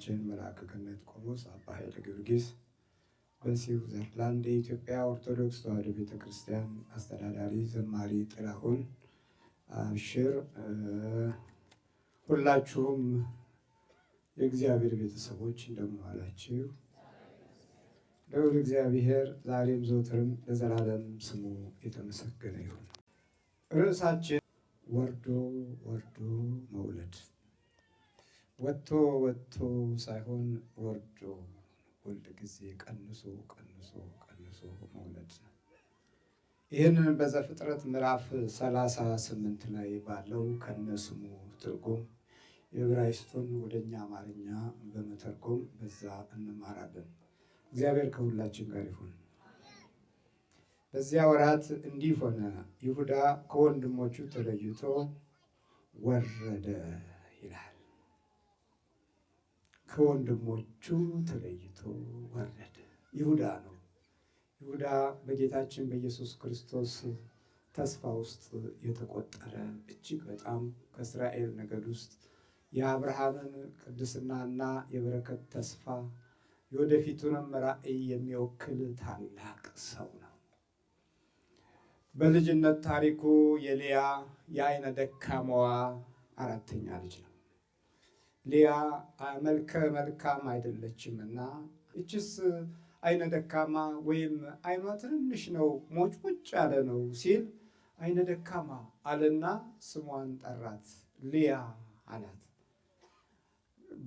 አባታችን መልአከ ገነት ቆሞስ አባ ኃይለ ጊዮርጊስ በሲው ዘርላንድ የኢትዮጵያ ኦርቶዶክስ ተዋሕዶ ቤተ ክርስቲያን አስተዳዳሪ ዘማሪ ጥላሁን አብሽር፣ ሁላችሁም የእግዚአብሔር ቤተሰቦች እንደምን ዋላችሁ? ልዑል እግዚአብሔር ዛሬም ዘውትርም ለዘላለም ስሙ የተመሰገነ ይሁን። ርዕሳችን ወርዶ ወርዶ መውለድ ወጥቶ ወጥቶ ሳይሆን ወርዶ ሁል ጊዜ ቀንሶ ቀንሶ ቀንሶ መውለድ ነው። ይህንን በዘፍጥረት ምዕራፍ 38 ላይ ባለው ከነስሙ ትርጉም የዕብራይስጡን ወደኛ አማርኛ በመተርጎም በዛ እንማራለን። እግዚአብሔር ከሁላችን ጋር ይሁን። በዚያ ወራት እንዲህ ሆነ፣ ይሁዳ ከወንድሞቹ ተለይቶ ወረደ ይላል። ከወንድሞቹ ተለይቶ ወረደ። ይሁዳ ነው። ይሁዳ በጌታችን በኢየሱስ ክርስቶስ ተስፋ ውስጥ የተቆጠረ እጅግ በጣም ከእስራኤል ነገድ ውስጥ የአብርሃምን ቅድስናና የበረከት ተስፋ የወደፊቱንም ራዕይ የሚወክል ታላቅ ሰው ነው። በልጅነት ታሪኩ የልያ የአይነ ደካማዋ አራተኛ ልጅ ነው። ሊያ መልከ መልካም አይደለችም እና እችስ አይነ ደካማ ወይም አይኗ ትንንሽ ነው፣ ሞጭ ሞጭ ያለ ነው ሲል አይነ ደካማ አለና ስሟን ጠራት፣ ሊያ አላት።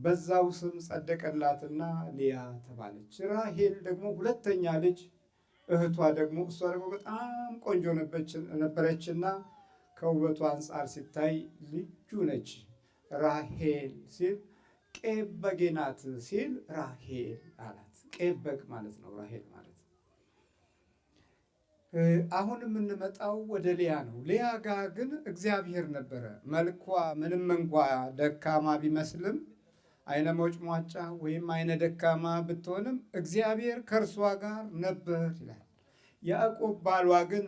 በዛው ስም ጸደቀላትና ሊያ ተባለች። ራሄል ደግሞ ሁለተኛ ልጅ እህቷ ደግሞ እሷ ደግሞ በጣም ቆንጆ ነበረችና ከውበቷ አንጻር ሲታይ ልጁ ነች። ራሄል ሲል ቄብ ናት ሲል ራሄል አላት። ቄበግ ማለት ነው ራሄል ማለት። አሁን የምንመጣው ወደ ሊያ ነው። ሊያ ጋር ግን እግዚአብሔር ነበረ። መልኳ ምንም እንኳ ደካማ ቢመስልም አይነ መጭሟጫ ወይም አይነ ደካማ ብትሆንም እግዚአብሔር ከእርሷ ጋር ነበር ይላል። ያዕቆብ ባሏ ግን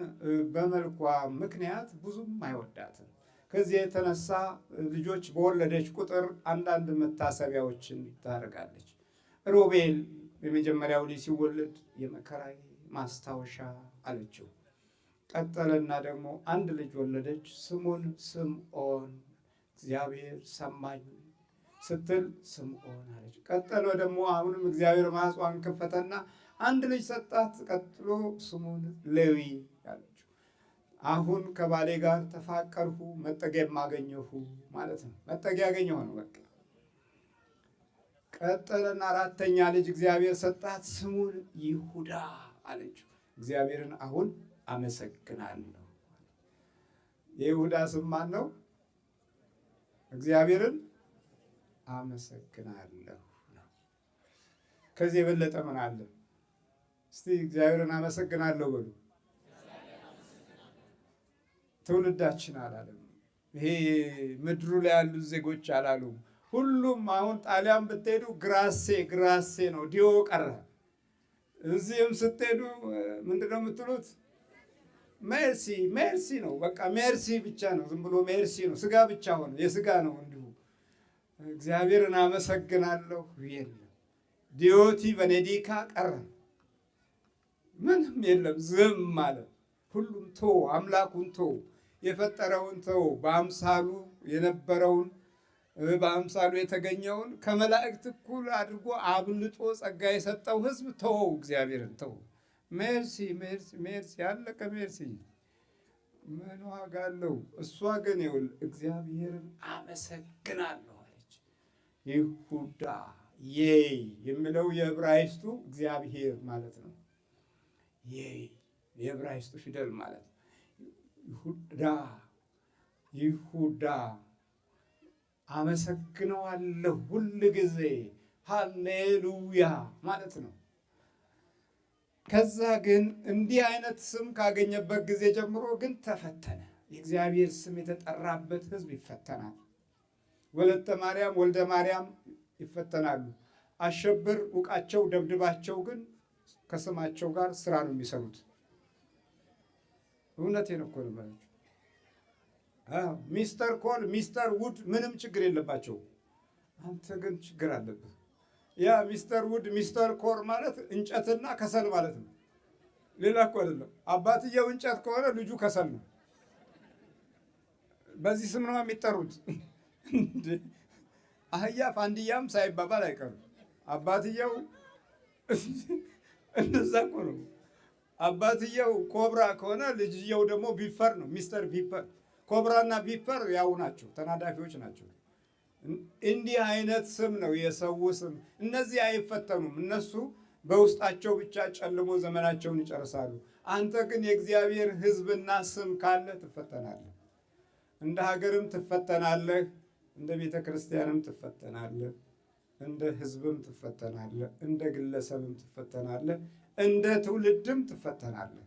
በመልኳ ምክንያት ብዙም አይወዳትም። ከዚህ የተነሳ ልጆች በወለደች ቁጥር አንዳንድ መታሰቢያዎችን ታደርጋለች። ሮቤል የመጀመሪያው ልጅ ሲወለድ የመከራዬ ማስታወሻ አለችው። ቀጠለና ደግሞ አንድ ልጅ ወለደች። ስሙን ስምዖን እግዚአብሔር ሰማኝ ስትል ስምዖን አለች። ቀጠሎ ደግሞ አሁንም እግዚአብሔር ማጽዋን ከፈተና አንድ ልጅ ሰጣት። ቀጥሎ ስሙን ሌዊ ያለ አሁን ከባሌ ጋር ተፋቀርሁ፣ መጠጊያ የማገኘሁ ማለት ነው። መጠጊያ ያገኘሁ ነው። በቃ ቀጠለና አራተኛ ልጅ እግዚአብሔር ሰጣት፣ ስሙን ይሁዳ አለችው። እግዚአብሔርን አሁን አመሰግናለሁ። የይሁዳ ስም ማን ነው? እግዚአብሔርን አመሰግናለሁ። ከዚህ የበለጠ ምን አለ? እስቲ እግዚአብሔርን አመሰግናለሁ በሉ። ትውልዳችን አላለም። ይሄ ምድሩ ላይ ያሉ ዜጎች አላሉም። ሁሉም አሁን ጣሊያን ብትሄዱ ግራሴ ግራሴ ነው፣ ዲዮ ቀረ። እዚህም ስትሄዱ ምንድነው ነው የምትሉት? ሜርሲ ሜርሲ ነው። በቃ ሜርሲ ብቻ ነው፣ ዝም ብሎ ሜርሲ ነው። ስጋ ብቻ ሆነ፣ የስጋ ነው። እንዲሁ እግዚአብሔርን አመሰግናለሁ የለም። ዲዮቲ ቬኔዲካ ቀረ፣ ምንም የለም። ዝም ማለት ሁሉም ቶ አምላኩን ቶ የፈጠረውን ሰው በአምሳሉ የነበረውን በአምሳሉ የተገኘውን ከመላእክት እኩል አድርጎ አብልጦ ጸጋ የሰጠው ህዝብ ተወው፣ እግዚአብሔርን ተው ሜርሲ ሜርሲ ሜርሲ ያለቀ ሜርሲ ምን ዋጋ አለው? እሷ ግን ይውል እግዚአብሔርን አመሰግናለሁ አለች። ይሁዳ የይ የሚለው የዕብራይስቱ እግዚአብሔር ማለት ነው። የይ የዕብራይስቱ ፊደል ማለት ነው። ይሁዳ ይሁዳ አመሰግነዋለሁ ሁል ጊዜ ሃሌሉያ ማለት ነው። ከዛ ግን እንዲህ አይነት ስም ካገኘበት ጊዜ ጀምሮ ግን ተፈተነ። የእግዚአብሔር ስም የተጠራበት ሕዝብ ይፈተናል። ወለተ ማርያም፣ ወልደ ማርያም ይፈተናሉ። አሸብር፣ ውቃቸው፣ ደብድባቸው ግን ከስማቸው ጋር ስራ ነው የሚሰሩት። እውነቴን እኮ ነው ማለት ሚስተር ኮል ሚስተር ውድ ምንም ችግር የለባቸው። አንተ ግን ችግር አለብህ። ያ ሚስተር ውድ ሚስተር ኮር ማለት እንጨትና ከሰል ማለት ነው። ሌላ እኮ አይደለም። አባትየው እንጨት ከሆነ ልጁ ከሰል ነው። በዚህ ስም ነው የሚጠሩት። አህያ ፋንድያም ሳይባባል አይቀርም። አባትየው እንደዛ እኮ ነው። አባትየው ኮብራ ከሆነ ልጅየው ደግሞ ቪፐር ነው። ሚስተር ቪፐር ኮብራና ቪፐር ያው ናቸው፣ ተናዳፊዎች ናቸው። እንዲህ አይነት ስም ነው የሰው ስም። እነዚህ አይፈተኑም። እነሱ በውስጣቸው ብቻ ጨልሞ ዘመናቸውን ይጨርሳሉ። አንተ ግን የእግዚአብሔር ሕዝብና ስም ካለ ትፈተናለህ። እንደ ሀገርም ትፈተናለህ፣ እንደ ቤተ ክርስቲያንም ትፈተናለህ፣ እንደ ሕዝብም ትፈተናለህ፣ እንደ ግለሰብም ትፈተናለህ። እንደ ትውልድም ትፈተናለህ።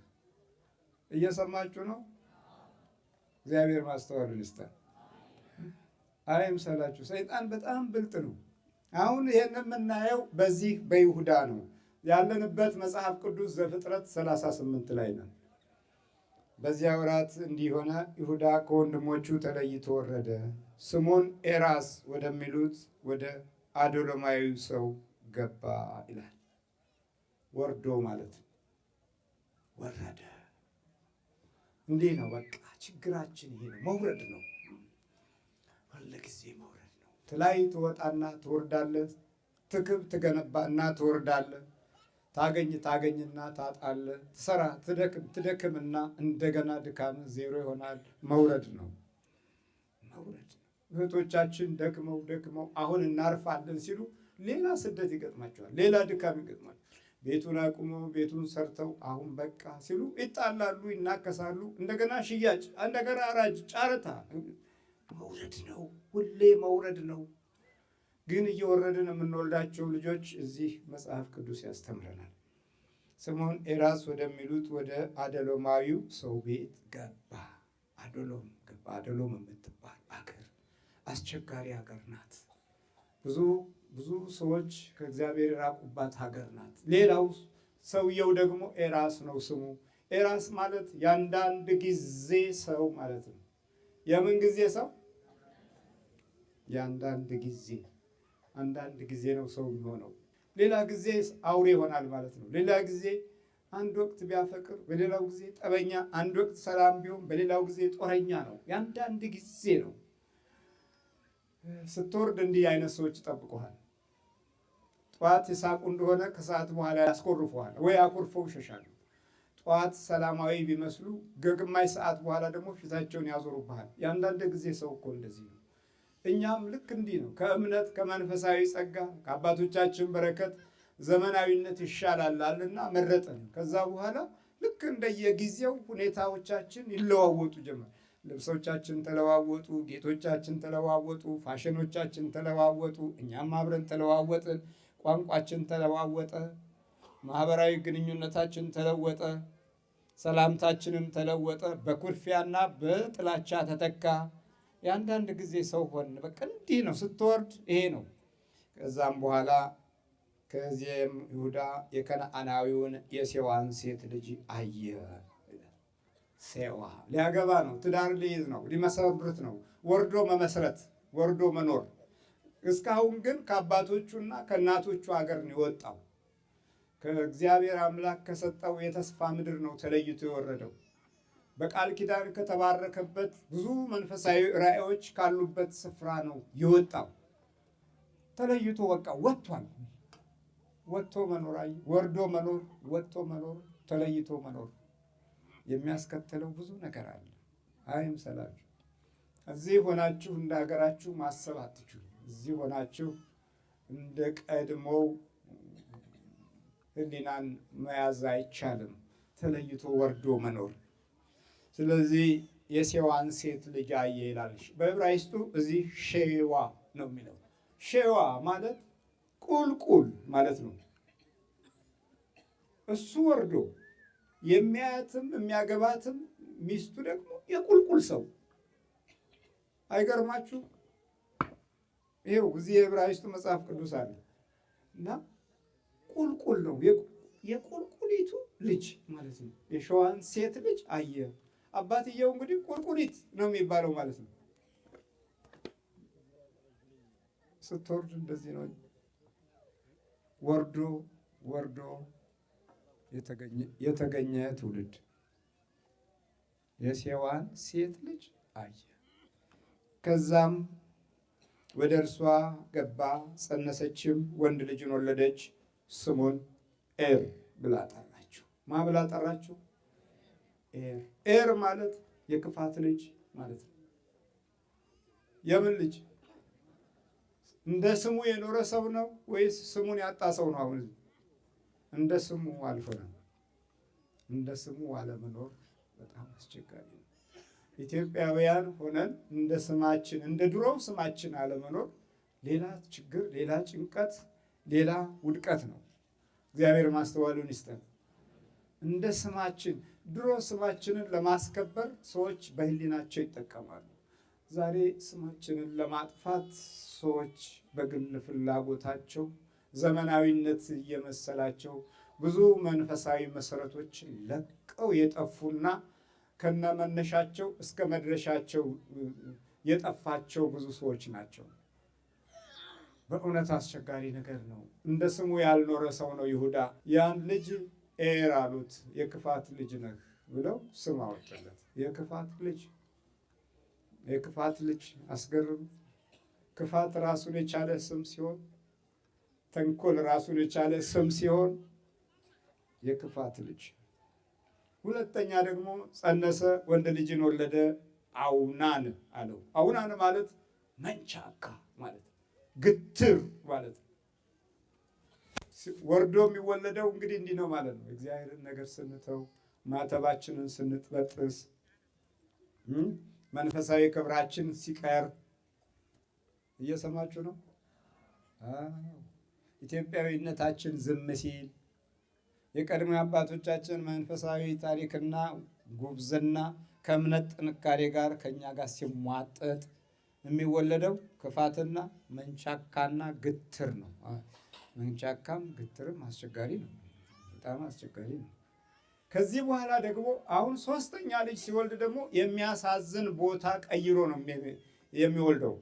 እየሰማችሁ ነው። እግዚአብሔር ማስተዋሉን ይስጠን። አይምሰላችሁ። ሰይጣን በጣም ብልጥ ነው። አሁን ይህን የምናየው በዚህ በይሁዳ ነው ያለንበት። መጽሐፍ ቅዱስ ዘፍጥረት 38 ላይ ነው። በዚያ ወራት እንዲሆነ ይሁዳ ከወንድሞቹ ተለይቶ ወረደ፣ ስሙን ኤራስ ወደሚሉት ወደ አዶሎማዊ ሰው ገባ ይላል። ወርዶ ማለት ነው። ወረደ እንዲህ ነው። በቃ ችግራችን ይሄ ነው፣ መውረድ ነው። ሁልጊዜ መውረድ ነው። ትላይ ትወጣና ትወርዳለህ። ትክብ ትገነባና ትወርዳለህ። ታገኝ ታገኝና ታጣለህ። ትሰራ ትደክም ትደክምና እንደገና ድካም ዜሮ ይሆናል። መውረድ ነው፣ መውረድ ነው። እህቶቻችን ደክመው ደክመው አሁን እናርፋለን ሲሉ ሌላ ስደት ይገጥማቸዋል፣ ሌላ ድካም ይገጥማቸዋል። ቤቱን አቁመው ቤቱን ሰርተው አሁን በቃ ሲሉ ይጣላሉ፣ ይናከሳሉ። እንደገና ሽያጭ፣ እንደገና አራጅ፣ ጨረታ። መውረድ ነው፣ ሁሌ መውረድ ነው። ግን እየወረድን የምንወልዳቸው ልጆች እዚህ መጽሐፍ ቅዱስ ያስተምረናል። ስምዖን ኤራስ ወደሚሉት ወደ አደሎማዊው ሰው ቤት ገባ። አዶሎም ገባ። አዶሎም የምትባል አገር አስቸጋሪ አገር ናት። ብዙ ብዙ ሰዎች ከእግዚአብሔር የራቁባት ሀገር ናት። ሌላው ሰውየው ደግሞ ኤራስ ነው ስሙ። ኤራስ ማለት የአንዳንድ ጊዜ ሰው ማለት ነው። የምን ጊዜ ሰው? የአንዳንድ ጊዜ አንዳንድ ጊዜ ነው ሰው የሚሆነው። ሌላ ጊዜ አውሬ ይሆናል ማለት ነው። ሌላ ጊዜ አንድ ወቅት ቢያፈቅር፣ በሌላው ጊዜ ጠበኛ፣ አንድ ወቅት ሰላም ቢሆን፣ በሌላው ጊዜ ጦረኛ ነው። የአንዳንድ ጊዜ ነው ስትወርድ እንዲህ አይነት ሰዎች ይጠብቁሃል። ጠዋት የሳቁ እንደሆነ ከሰዓት በኋላ ያስኮርፉሃል ወይ አኩርፈው ይሸሻሉ። ጠዋት ሰላማዊ ቢመስሉ ከግማሽ ሰዓት በኋላ ደግሞ ፊታቸውን ያዞሩብሃል። የአንዳንድ ጊዜ ሰው እኮ እንደዚህ ነው። እኛም ልክ እንዲህ ነው። ከእምነት ከመንፈሳዊ ጸጋ ከአባቶቻችን በረከት ዘመናዊነት ይሻላላል እና መረጠን። ከዛ በኋላ ልክ እንደየጊዜው ሁኔታዎቻችን ይለዋወጡ ጀመር። ልብሶቻችን ተለዋወጡ፣ ጌጦቻችን ተለዋወጡ፣ ፋሽኖቻችን ተለዋወጡ። እኛም አብረን ተለዋወጥን። ቋንቋችን ተለዋወጠ። ማህበራዊ ግንኙነታችን ተለወጠ። ሰላምታችንም ተለወጠ። በኩርፊያና በጥላቻ ተተካ። የአንዳንድ ጊዜ ሰው ሆን በቃ እንዲህ ነው። ስትወርድ ይሄ ነው። ከዛም በኋላ ከዚህም ይሁዳ የከነአናዊውን የሴዋን ሴት ልጅ አየ። ሴዋ ሊያገባ ነው፣ ትዳር ሊይዝ ነው፣ ሊመሰረት ነው። ወርዶ መመስረት፣ ወርዶ መኖር። እስካሁን ግን ከአባቶቹና ከእናቶቹ ሀገር ነው የወጣው። ከእግዚአብሔር አምላክ ከሰጠው የተስፋ ምድር ነው ተለይቶ የወረደው። በቃል ኪዳን ከተባረከበት ብዙ መንፈሳዊ ራእዮች ካሉበት ስፍራ ነው የወጣው። ተለይቶ በቃ ወጥቷል። ወጥቶ መኖር፣ ወርዶ መኖር፣ ወጥቶ መኖር፣ ተለይቶ መኖር የሚያስከትለው ብዙ ነገር አለ። አይምሰላችሁ። እዚህ ሆናችሁ እንደ ሀገራችሁ ማሰብ አትችሉ። እዚህ ሆናችሁ እንደ ቀድሞው ህሊናን መያዝ አይቻልም። ተለይቶ ወርዶ መኖር። ስለዚህ የሴዋን ሴት ልጅ አየ ይላል። በዕብራይስጡ እዚህ ሼዋ ነው የሚለው። ሼዋ ማለት ቁልቁል ማለት ነው። እሱ ወርዶ የሚያያትም የሚያገባትም ሚስቱ ደግሞ የቁልቁል ሰው አይገርማችሁ? ይሄው እዚህ የዕብራይስጡ መጽሐፍ ቅዱስ አለ እና ቁልቁል ነው የቁልቁሊቱ ልጅ ማለት ነው። የሸዋን ሴት ልጅ አየ። አባትየው እንግዲህ ቁልቁሊት ነው የሚባለው ማለት ነው። ስትወርድ እንደዚህ ነው ወርዶ ወርዶ የተገኘ ትውልድ የሴዋን ሴት ልጅ አየ። ከዛም ወደ እርሷ ገባ፣ ጸነሰችም፣ ወንድ ልጅን ወለደች። ስሙን ኤር ብላ ጠራችው። ማ ብላ ጠራችው? ኤር። ኤር ማለት የክፋት ልጅ ማለት ነው። የምን ልጅ? እንደ ስሙ የኖረ ሰው ነው ወይስ ስሙን ያጣ ሰው ነው? አሁን እንደ ስሙ አልሆነም። እንደ ስሙ አለመኖር በጣም አስቸጋሪ ነው። ኢትዮጵያውያን ሆነን እንደ ስማችን እንደ ድሮው ስማችን አለመኖር ሌላ ችግር፣ ሌላ ጭንቀት፣ ሌላ ውድቀት ነው። እግዚአብሔር ማስተዋሉን ይስጠን። እንደ ስማችን ድሮ ስማችንን ለማስከበር ሰዎች በህሊናቸው ይጠቀማሉ። ዛሬ ስማችንን ለማጥፋት ሰዎች በግል ፍላጎታቸው ዘመናዊነት እየመሰላቸው ብዙ መንፈሳዊ መሰረቶች ለቀው የጠፉና ከነመነሻቸው እስከ መድረሻቸው የጠፋቸው ብዙ ሰዎች ናቸው። በእውነት አስቸጋሪ ነገር ነው። እንደ ስሙ ያልኖረ ሰው ነው ይሁዳ። ያን ልጅ ኤር አሉት። የክፋት ልጅ ነህ ብለው ስም አወጡለት። የክፋት ልጅ የክፋት ልጅ አስገርም። ክፋት ራሱን የቻለ ስም ሲሆን ተንኮል ራሱን የቻለ ስም ሲሆን የክፋት ልጅ ሁለተኛ ደግሞ ጸነሰ፣ ወንድ ልጅን ወለደ፣ አውናን አለው። አውናን ማለት መንቻካ ማለት ግትር ማለት ነው። ወርዶ የሚወለደው እንግዲህ እንዲህ ነው ማለት ነው። እግዚአብሔርን ነገር ስንተው፣ ማተባችንን ስንጥበጥስ፣ መንፈሳዊ ክብራችን ሲቀር እየሰማችሁ ነው። ኢትዮጵያዊነታችን ዝም ሲል የቀድሞ አባቶቻችን መንፈሳዊ ታሪክና ጉብዝና ከእምነት ጥንካሬ ጋር ከኛ ጋር ሲሟጠጥ የሚወለደው ክፋትና መንቻካና ግትር ነው። መንቻካም ግትርም አስቸጋሪ ነው፣ በጣም አስቸጋሪ ነው። ከዚህ በኋላ ደግሞ አሁን ሶስተኛ ልጅ ሲወልድ ደግሞ የሚያሳዝን ቦታ ቀይሮ ነው የሚወልደው።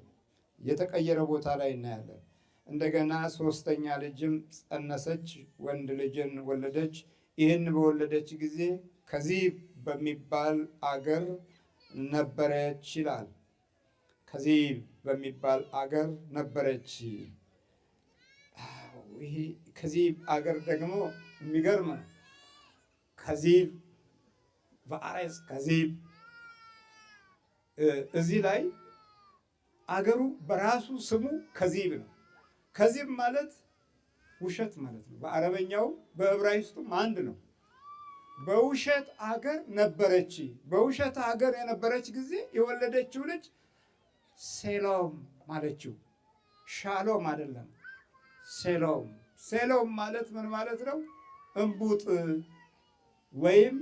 የተቀየረ ቦታ ላይ እናያለን። እንደገና ሶስተኛ ልጅም ጸነሰች፣ ወንድ ልጅን ወለደች። ይህን በወለደች ጊዜ ከዚህ በሚባል አገር ነበረች ይላል። ከዚህ በሚባል አገር ነበረች። ከዚህ አገር ደግሞ የሚገርም ከዚህ በአሬስ ከዚህ እዚህ ላይ አገሩ በራሱ ስሙ ከዚህ ነው። ከዚህም ማለት ውሸት ማለት ነው። በአረበኛው በዕብራይስጡም አንድ ነው። በውሸት አገር ነበረች። በውሸት አገር የነበረች ጊዜ የወለደችው ልጅ ሴሎም ማለችው። ሻሎም አይደለም፣ ሴሎም። ሴሎም ማለት ምን ማለት ነው? እምቡጥ ወይም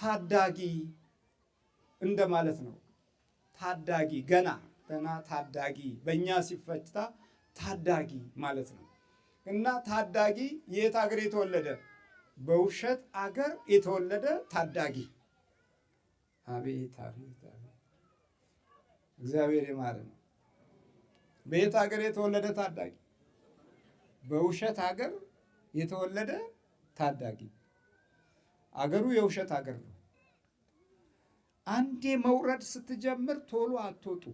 ታዳጊ እንደማለት ነው። ታዳጊ ገና እና ታዳጊ በእኛ ሲፈታ ታዳጊ ማለት ነው እና ታዳጊ የት አገር የተወለደ በውሸት አገር የተወለደ ታዳጊ። አቤት አቤት እግዚአብሔር የማረ ነው። በየት ሀገር የተወለደ ታዳጊ? በውሸት ሀገር የተወለደ ታዳጊ። አገሩ የውሸት ሀገር ነው። አንዴ መውረድ ስትጀምር ቶሎ አትወጡ።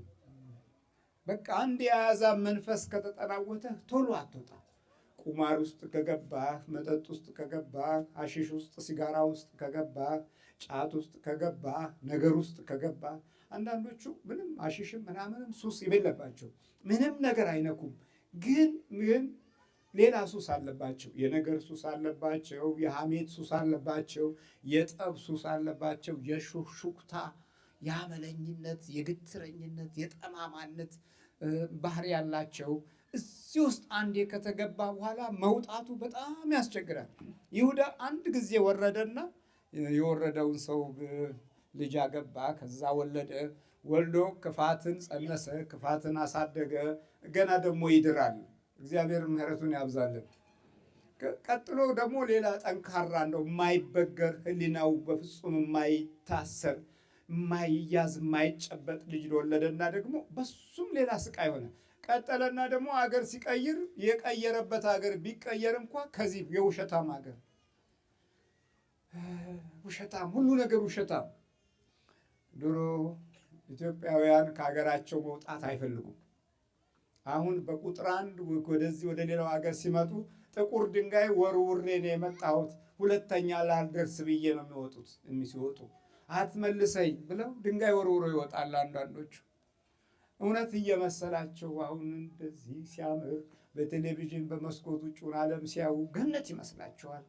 በቃ አንድ የአሕዛብ መንፈስ ከተጠናወተህ ቶሎ አትወጣ። ቁማር ውስጥ ከገባህ፣ መጠጥ ውስጥ ከገባህ፣ አሽሽ ውስጥ፣ ሲጋራ ውስጥ ከገባህ፣ ጫት ውስጥ ከገባህ፣ ነገር ውስጥ ከገባህ፣ አንዳንዶቹ ምንም አሽሽም ምናምንም ሱስ የሌለባቸው ምንም ነገር አይነኩም። ግን ግን ሌላ ሱስ አለባቸው። የነገር ሱስ አለባቸው። የሐሜት ሱስ አለባቸው። የጠብ ሱስ አለባቸው። የሹክሹክታ፣ የአመለኝነት፣ የግትረኝነት፣ የጠማማነት ባህሪ ያላቸው እዚህ ውስጥ አንዴ ከተገባ በኋላ መውጣቱ በጣም ያስቸግራል። ይሁዳ አንድ ጊዜ ወረደና የወረደውን ሰው ልጅ አገባ፣ ከዛ ወለደ። ወልዶ ክፋትን ጸነሰ፣ ክፋትን አሳደገ። ገና ደግሞ ይድራል። እግዚአብሔር ምሕረቱን ያብዛልን። ቀጥሎ ደግሞ ሌላ ጠንካራ እንደው የማይበገር ሕሊናው በፍጹም የማይታሰር ማይያዝ ማይጨበጥ ልጅ ለወለደና ደግሞ በሱም ሌላ ስቃይ ሆነ። ቀጠለና ደግሞ አገር ሲቀይር የቀየረበት አገር ቢቀየር እንኳ ከዚህ የውሸታም አገር ውሸታም፣ ሁሉ ነገር ውሸታም። ድሮ ኢትዮጵያውያን ከሀገራቸው መውጣት አይፈልጉም። አሁን በቁጥር አንድ ወደዚህ ወደ ሌላው ሀገር ሲመጡ ጥቁር ድንጋይ ወርውሬ ነው የመጣሁት፣ ሁለተኛ ላልደርስ ብዬ ነው የሚወጡት ሲወጡ አትመልሰኝ ብለው ድንጋይ ወርውሮ ይወጣል። አንዳንዶቹ እውነት እየመሰላቸው አሁን እንደዚህ ሲያምር በቴሌቪዥን በመስኮት ውጭውን ዓለም ሲያዩ ገነት ይመስላቸዋል።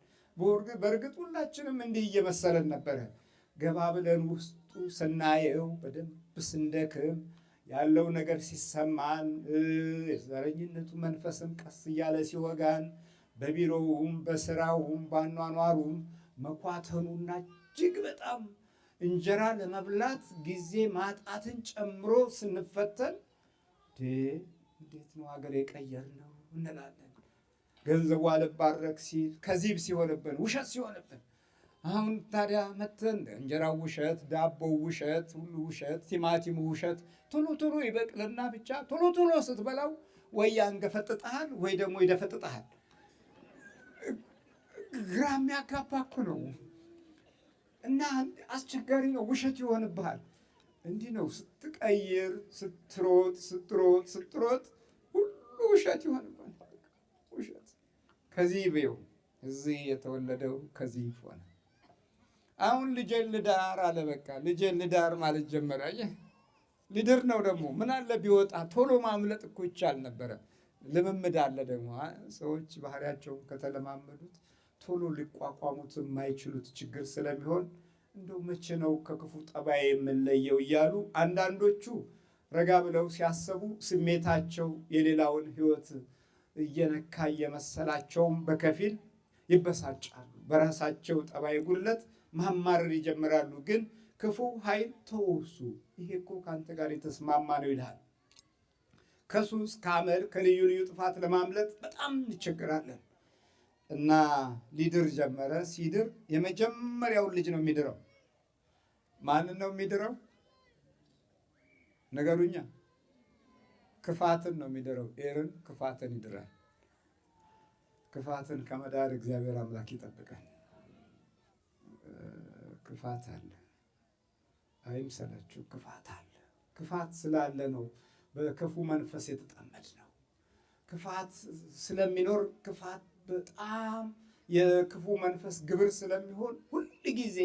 በእርግጥ ሁላችንም እንዲህ እየመሰለን ነበረ። ገባ ብለን ውስጡ ስናየው በደንብ ስንደክም ያለው ነገር ሲሰማን የዘረኝነቱ መንፈስም ቀስ እያለ ሲወጋን በቢሮውም በስራውም በአኗኗሩም መኳተኑና እጅግ በጣም እንጀራ ለመብላት ጊዜ ማጣትን ጨምሮ ስንፈተን እንዴት ነው ሀገር የቀየር ነው እንላለን። ገንዘቡ አልባረክ ሲል ከዚህ ሲሆንብን ውሸት ሲሆንብን አሁን ታዲያ መተን እንጀራው ውሸት፣ ዳቦው ውሸት፣ ሁሉ ውሸት፣ ቲማቲሙ ውሸት። ቶሎ ቶሎ ይበቅልና ብቻ ቶሎ ቶሎ ስትበላው ወይ ያንገፈጥጥሃል ወይ ደግሞ ይደፈጥጠሃል። ግራ የሚያጋባ እኮ ነው። እና አስቸጋሪ ነው፣ ውሸት ይሆንብሃል። እንዲህ ነው ስትቀይር፣ ስትሮጥ፣ ስትሮጥ፣ ስትሮጥ ሁሉ ውሸት ይሆንብሃል። ውሸት ከዚህ ብየው እዚህ የተወለደው ከዚህ ሆነ። አሁን ልጄን ልዳር አለ። በቃ ልጄን ልዳር ማለት ጀመረ። ሊድር ነው ደግሞ ምን አለ ቢወጣ። ቶሎ ማምለጥ እኮ ይቻል ነበረ። ልምምድ አለ ደግሞ ሰዎች ባህሪያቸውን ከተለማመዱት ቶሎ ሊቋቋሙት የማይችሉት ችግር ስለሚሆን እንደው መቼ ነው ከክፉ ጠባይ የምንለየው እያሉ አንዳንዶቹ ረጋ ብለው ሲያሰቡ ስሜታቸው የሌላውን ሕይወት እየነካ እየመሰላቸውም በከፊል ይበሳጫሉ። በራሳቸው ጠባይ ጉለት ማማረር ይጀምራሉ። ግን ክፉ ኃይል ተወሱ ይሄ እኮ ከአንተ ጋር የተስማማ ነው ይልሃል። ከሱስ ከአመል ከልዩ ልዩ ጥፋት ለማምለጥ በጣም እንቸግራለን። እና ሊድር ጀመረ። ሲድር የመጀመሪያውን ልጅ ነው የሚድረው። ማንን ነው የሚድረው? ነገሩኛ ክፋትን ነው የሚድረው። ኤርን ክፋትን ይድራል። ክፋትን ከመዳር እግዚአብሔር አምላክ ይጠብቃል። ክፋት አለ፣ አይምሰላችሁ። ክፋት አለ። ክፋት ስላለ ነው በክፉ መንፈስ የተጠመድ ነው። ክፋት ስለሚኖር ክፋት በጣም የክፉ መንፈስ ግብር ስለሚሆን ሁል ጊዜ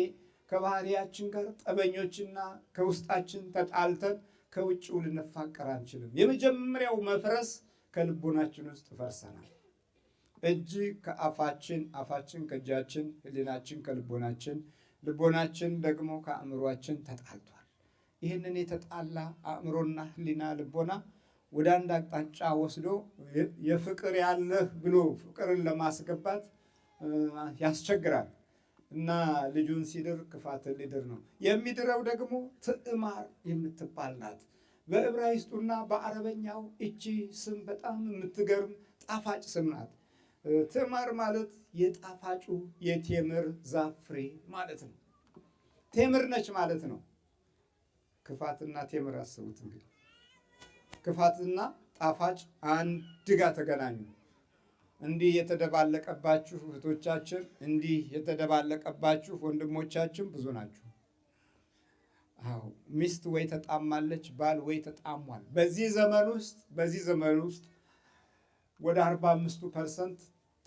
ከባህሪያችን ጋር ጠበኞችና ከውስጣችን ተጣልተን ከውጭው ልንፋቀር አንችልም። የመጀመሪያው መፍረስ ከልቦናችን ውስጥ ፈርሰናል። እጅ ከአፋችን፣ አፋችን ከእጃችን፣ ህሊናችን ከልቦናችን፣ ልቦናችን ደግሞ ከአእምሯችን ተጣልቷል። ይህንን የተጣላ አእምሮና ህሊና ልቦና ወደ አንድ አቅጣጫ ወስዶ የፍቅር ያለህ ብሎ ፍቅርን ለማስገባት ያስቸግራል እና ልጁን ሲድር ክፋትን ሊድር ነው። የሚድረው ደግሞ ትዕማር የምትባል ናት። በዕብራይስጡና በአረበኛው እቺ ስም በጣም የምትገርም ጣፋጭ ስም ናት። ትዕማር ማለት የጣፋጩ የቴምር ዛፍ ፍሬ ማለት ነው። ቴምር ነች ማለት ነው። ክፋትና ቴምር አስቡት እንግዲህ ክፋትና ጣፋጭ አንድ ጋ ተገናኙ። እንዲህ የተደባለቀባችሁ እህቶቻችን፣ እንዲህ የተደባለቀባችሁ ወንድሞቻችን ብዙ ናችሁ። አዎ ሚስት ወይ ተጣማለች፣ ባል ወይ ተጣሟል። በዚህ ዘመን ውስጥ በዚህ ዘመን ውስጥ ወደ አርባ አምስቱ ፐርሰንት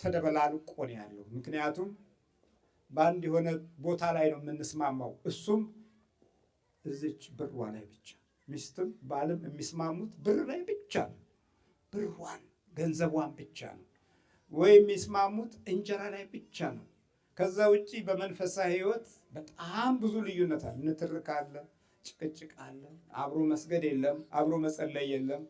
ተደበላልቆ ነው ያለው። ምክንያቱም በአንድ የሆነ ቦታ ላይ ነው የምንስማማው፣ እሱም እዚች ብሯ ላይ ብቻ ሚስትም ባልም የሚስማሙት ብር ላይ ብቻ ነው። ብርዋን ገንዘቧን ብቻ ነው ወይ የሚስማሙት እንጀራ ላይ ብቻ ነው። ከዛ ውጭ በመንፈሳዊ ሕይወት በጣም ብዙ ልዩነት አለ። ንትርክ አለ፣ ጭቅጭቅ አለ። አብሮ መስገድ የለም፣ አብሮ መጸለይ የለም።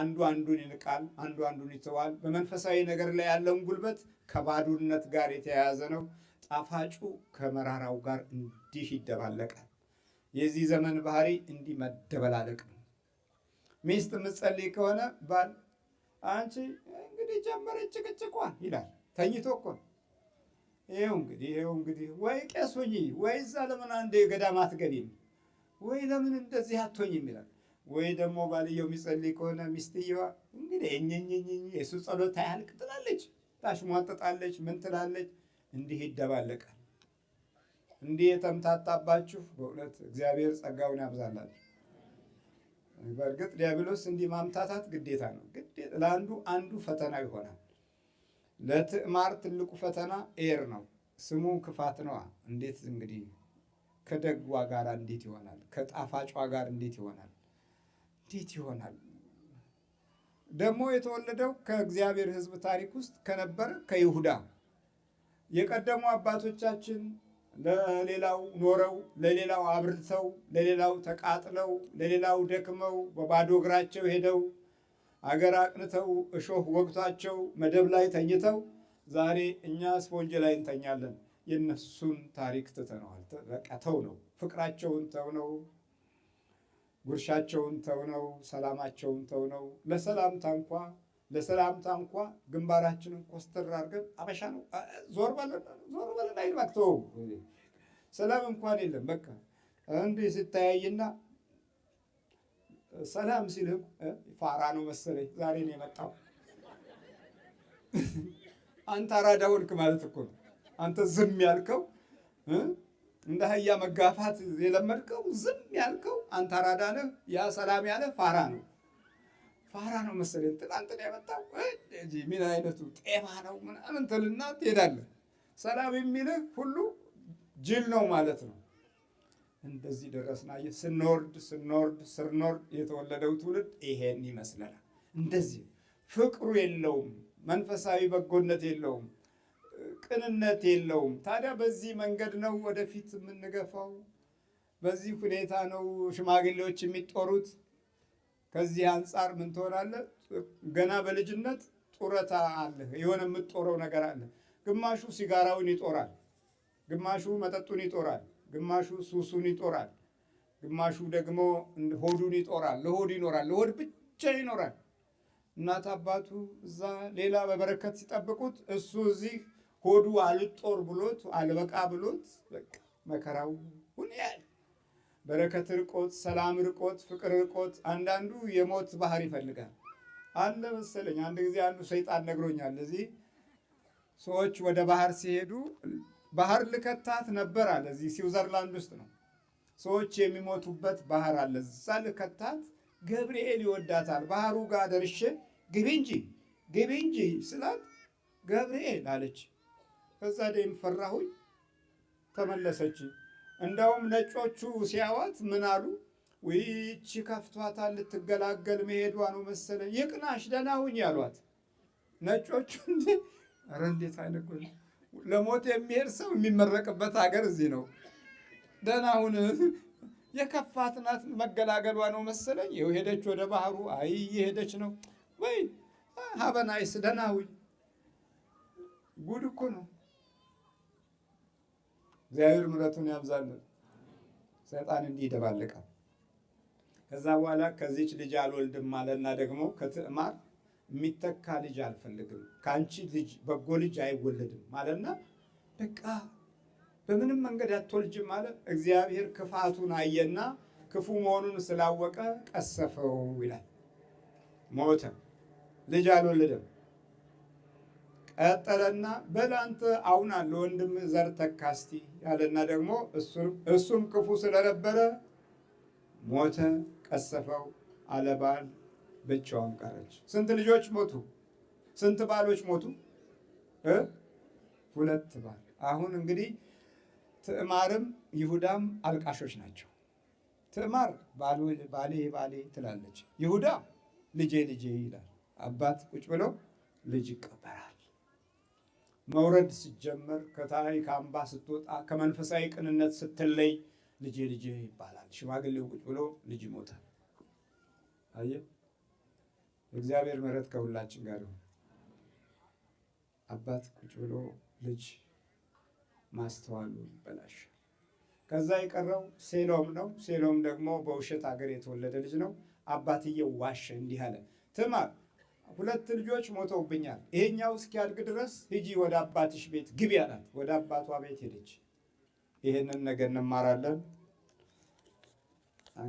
አንዱ አንዱን ይንቃል፣ አንዱ አንዱን ይተዋል። በመንፈሳዊ ነገር ላይ ያለውን ጉልበት ከባዶነት ጋር የተያያዘ ነው። ጣፋጩ ከመራራው ጋር እንዲህ ይደባለቃል። የዚህ ዘመን ባህሪ እንዲህ መደበላለቅ ነው። ሚስት የምትጸልይ ከሆነ ባል አንቺ እንግዲህ ጀመረ ጭቅጭቋን ይላል። ተኝቶ እኮ ይኸው እንግዲህ ይኸው እንግዲህ ወይ ቄስ ሁኚ ወይ እዛ ለምን አንድ ገዳም አትገቢም ወይ ለምን እንደዚህ አትሆኝም ይላል። ወይ ደግሞ ባልየው የሚጸልይ ከሆነ ሚስትየዋ እንግዲህ እኝኝኝኝ የሱ ጸሎት አያልቅ ትላለች፣ ታሽሟጥጣለች፣ ምን ትላለች። እንዲህ ይደባለቃል። እንዲህ የተምታታባችሁ በእውነት እግዚአብሔር ጸጋውን ያብዛላችሁ። በእርግጥ ዲያብሎስ እንዲህ ማምታታት ግዴታ ነው። ለአንዱ አንዱ ፈተና ይሆናል። ለትዕማር ትልቁ ፈተና ኤር ነው፣ ስሙ ክፋት ነዋ። እንዴት እንግዲህ ከደጓ ጋር እንዴት ይሆናል? ከጣፋጯ ጋር እንዴት ይሆናል? እንዴት ይሆናል? ደግሞ የተወለደው ከእግዚአብሔር ሕዝብ ታሪክ ውስጥ ከነበረ ከይሁዳ የቀደሙ አባቶቻችን ለሌላው ኖረው ለሌላው አብርተው ለሌላው ተቃጥለው ለሌላው ደክመው በባዶ እግራቸው ሄደው አገር አቅንተው እሾህ ወቅታቸው መደብ ላይ ተኝተው ዛሬ እኛ ስፖንጅ ላይ እንተኛለን። የእነሱን ታሪክ ትተነዋል። ተው ነው ፍቅራቸውን ተው ነው ጉርሻቸውን ተው ነው ሰላማቸውን ተው ነው ለሰላምታ እንኳ ለሰላምታ እንኳ ግንባራችንን ኮስተር አድርገን አበሻ ነው ዞር ዞር በለና ይባክተው ሰላም እንኳን የለም። በቃ እንዲህ ስታያይና ሰላም ሲልህ ፋራ ነው መሰለኝ ዛሬ ነው የመጣው። አንተ አራዳ ወልክ ማለት እኮ ነው። አንተ ዝም ያልከው እንደ አህያ መጋፋት የለመድከው ዝም ያልከው አንተ አራዳ ነህ። ያ ሰላም ያለ ፋራ ነው። ፋራ ነው መሰለኝ ትናንትና ያመጣው ምን አይነቱ ጤማ ነው ምናምን ትልና ትሄዳለህ። ሰላም የሚልህ ሁሉ ጅል ነው ማለት ነው። እንደዚህ ደረስና ስንወርድ ስንወርድ ስንወርድ የተወለደው ትውልድ ይሄን ይመስላል። እንደዚህ ፍቅሩ የለውም፣ መንፈሳዊ በጎነት የለውም፣ ቅንነት የለውም። ታዲያ በዚህ መንገድ ነው ወደፊት የምንገፋው። በዚህ ሁኔታ ነው ሽማግሌዎች የሚጦሩት። ከዚህ አንጻር ምን ትሆናለህ? ገና በልጅነት ጡረታ አለህ፣ የሆነ የምትጦረው ነገር አለ። ግማሹ ሲጋራውን ይጦራል፣ ግማሹ መጠጡን ይጦራል፣ ግማሹ ሱሱን ይጦራል፣ ግማሹ ደግሞ ሆዱን ይጦራል። ለሆድ ይኖራል፣ ለሆድ ብቻ ይኖራል። እናት አባቱ እዛ ሌላ በበረከት ሲጠብቁት እሱ እዚህ ሆዱ አልጦር ብሎት አልበቃ ብሎት መከራው ሁን ያል በረከት ርቆት፣ ሰላም ርቆት፣ ፍቅር ርቆት። አንዳንዱ የሞት ባህር ይፈልጋል አለ መሰለኝ። አንድ ጊዜ አንዱ ሰይጣን ነግሮኛል። እዚህ ሰዎች ወደ ባህር ሲሄዱ ባህር ልከታት ነበር አለ። እዚህ ስዊዘርላንድ ውስጥ ነው ሰዎች የሚሞቱበት ባህር አለ። እዛ ልከታት ገብርኤል ይወዳታል። ባህሩ ጋር ደርሼ ግቢ እንጂ ግቢ እንጂ ስላት ገብርኤል አለች። ከዛ ደም ፈራሁኝ፣ ተመለሰችኝ። እንደውም ነጮቹ ሲያዋት ምን አሉ? ውይቺ ከፍቷታል፣ ልትገላገል መሄዷ ነው መሰለኝ፣ ይቅናሽ፣ ደህና ሁኝ ያሏት ነጮቹ። እንዴ ኧረ እንዴት አይነት ለሞት የሚሄድ ሰው የሚመረቅበት ሀገር እዚህ ነው። ደህና ሁን፣ የከፋት ናት፣ መገላገሏ ነው መሰለኝ። ይኸው ሄደች ወደ ባህሩ። አይ የሄደች ነው ወይ ሀበናይስ፣ ደህና ሁኝ። ጉድ እኮ ነው። እግዚአብሔር ምረቱን ያብዛልን። ሰይጣን እንዲህ ይደባልቃል። ከዛ በኋላ ከዚች ልጅ አልወልድም ማለና ደግሞ ከትዕማር የሚተካ ልጅ አልፈልግም፣ ከአንቺ ልጅ በጎ ልጅ አይወለድም አለና በቃ በምንም መንገድ አትወልጅም ማለት እግዚአብሔር ክፋቱን አየና ክፉ መሆኑን ስላወቀ ቀሰፈው ይላል። ሞተ፣ ልጅ አልወለደም። ጠረና በላንተ አንተ አሁን አለ ወንድም ዘር ተካስቲ ያለና ደግሞ እሱም ክፉ ስለነበረ ሞተ፣ ቀሰፈው አለባል ብቻውን ብቻዋን ቀረች። ስንት ልጆች ሞቱ? ስንት ባሎች ሞቱ? ሁለት ባል። አሁን እንግዲህ ትዕማርም ይሁዳም አልቃሾች ናቸው። ትዕማር ባሌ ባሌ ትላለች፣ ይሁዳ ልጄ ልጄ ይላል። አባት ቁጭ ብለው ልጅ ይቀበራል። መውረድ ሲጀመር ከታሪክ አምባ ስትወጣ ከመንፈሳዊ ቅንነት ስትለይ ልጄ ልጄ ይባላል። ሽማግሌው ቁጭ ብሎ ልጅ ይሞታል። አየህ፣ የእግዚአብሔር ምሕረት ከሁላችን ጋር ይሁን። አባት ቁጭ ብሎ ልጅ ማስተዋሉ ይበላሻል። ከዛ የቀረው ሴሎም ነው። ሴሎም ደግሞ በውሸት ሀገር የተወለደ ልጅ ነው። አባትየው ዋሸ፣ እንዲህ አለ ትማር ሁለት ልጆች ሞተውብኛል፣ ይሄኛው እስኪያድግ ድረስ ሂጂ ወደ አባትሽ ቤት ግቢ አላት። ወደ አባቷ ቤት ሄደች። ይህንን ነገር እንማራለን።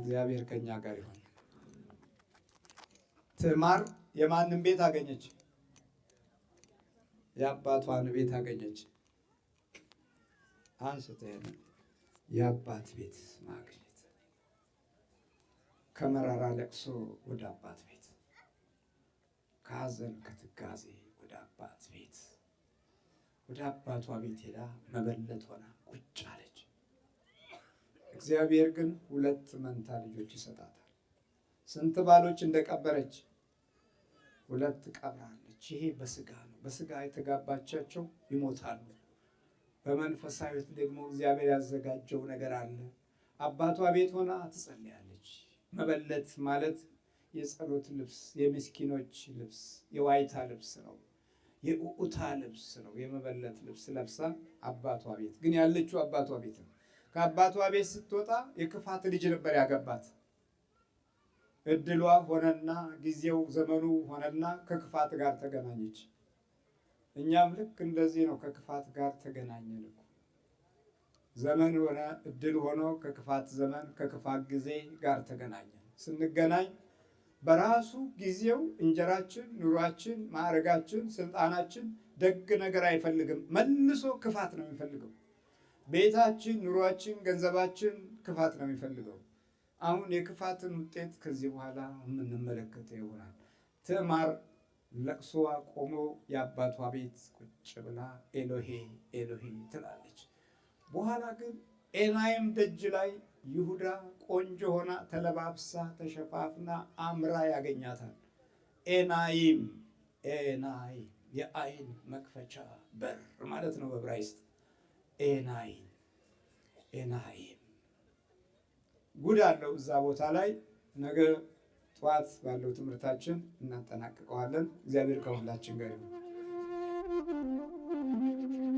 እግዚአብሔር ከኛ ጋር ይሆን። ትማር የማንም ቤት አገኘች? የአባቷን ቤት አገኘች። አንስተ የአባት ቤት ማግኘት ከመራራ ለቅሶ ወደ አባት ቤት ከሀዘን ከትካዜ ወደ አባት ቤት ወደ አባቷ ቤት ሄዳ መበለት ሆና ቁጭ አለች። እግዚአብሔር ግን ሁለት መንታ ልጆች ይሰጣታል። ስንት ባሎች እንደቀበረች ሁለት ቀብራለች። ይሄ በስጋ ነው። በስጋ የተጋባቻቸው ይሞታሉ። በመንፈሳዊት ደግሞ እግዚአብሔር ያዘጋጀው ነገር አለ። አባቷ ቤት ሆና ትጸልያለች። መበለት ማለት የጸሎት ልብስ፣ የምስኪኖች ልብስ፣ የዋይታ ልብስ ነው። የኡኡታ ልብስ ነው። የመበለት ልብስ ለብሳ አባቷ ቤት ግን ያለችው አባቷ ቤት ነው። ከአባቷ ቤት ስትወጣ የክፋት ልጅ ነበር ያገባት። እድሏ ሆነና ጊዜው ዘመኑ ሆነና ከክፋት ጋር ተገናኘች። እኛም ልክ እንደዚህ ነው። ከክፋት ጋር ተገናኘን። ዘመን ሆነ እድል ሆኖ ከክፋት ዘመን ከክፋት ጊዜ ጋር ተገናኘን። ስንገናኝ በራሱ ጊዜው እንጀራችን፣ ኑሯችን፣ ማዕረጋችን፣ ስልጣናችን ደግ ነገር አይፈልግም። መልሶ ክፋት ነው የሚፈልገው። ቤታችን፣ ኑሯችን፣ ገንዘባችን ክፋት ነው የሚፈልገው። አሁን የክፋትን ውጤት ከዚህ በኋላ የምንመለከተው ይሆናል። ትዕማር ለቅሶዋ ቆሞ የአባቷ ቤት ቁጭ ብላ ኤሎሄ ኤሎሄ ትላለች። በኋላ ግን ኤናይም ደጅ ላይ ይሁዳ ቆንጆ ሆና ተለባብሳ ተሸፋፍና አምራ ያገኛታል። ኤናይም ኤናይ የአይን መክፈቻ በር ማለት ነው በዕብራይስጥ ኤናይም ኤናይም። ጉድ አለው እዛ ቦታ ላይ። ነገ ጠዋት ባለው ትምህርታችን እናጠናቅቀዋለን። እግዚአብሔር ከሁላችን ጋር ይሁን።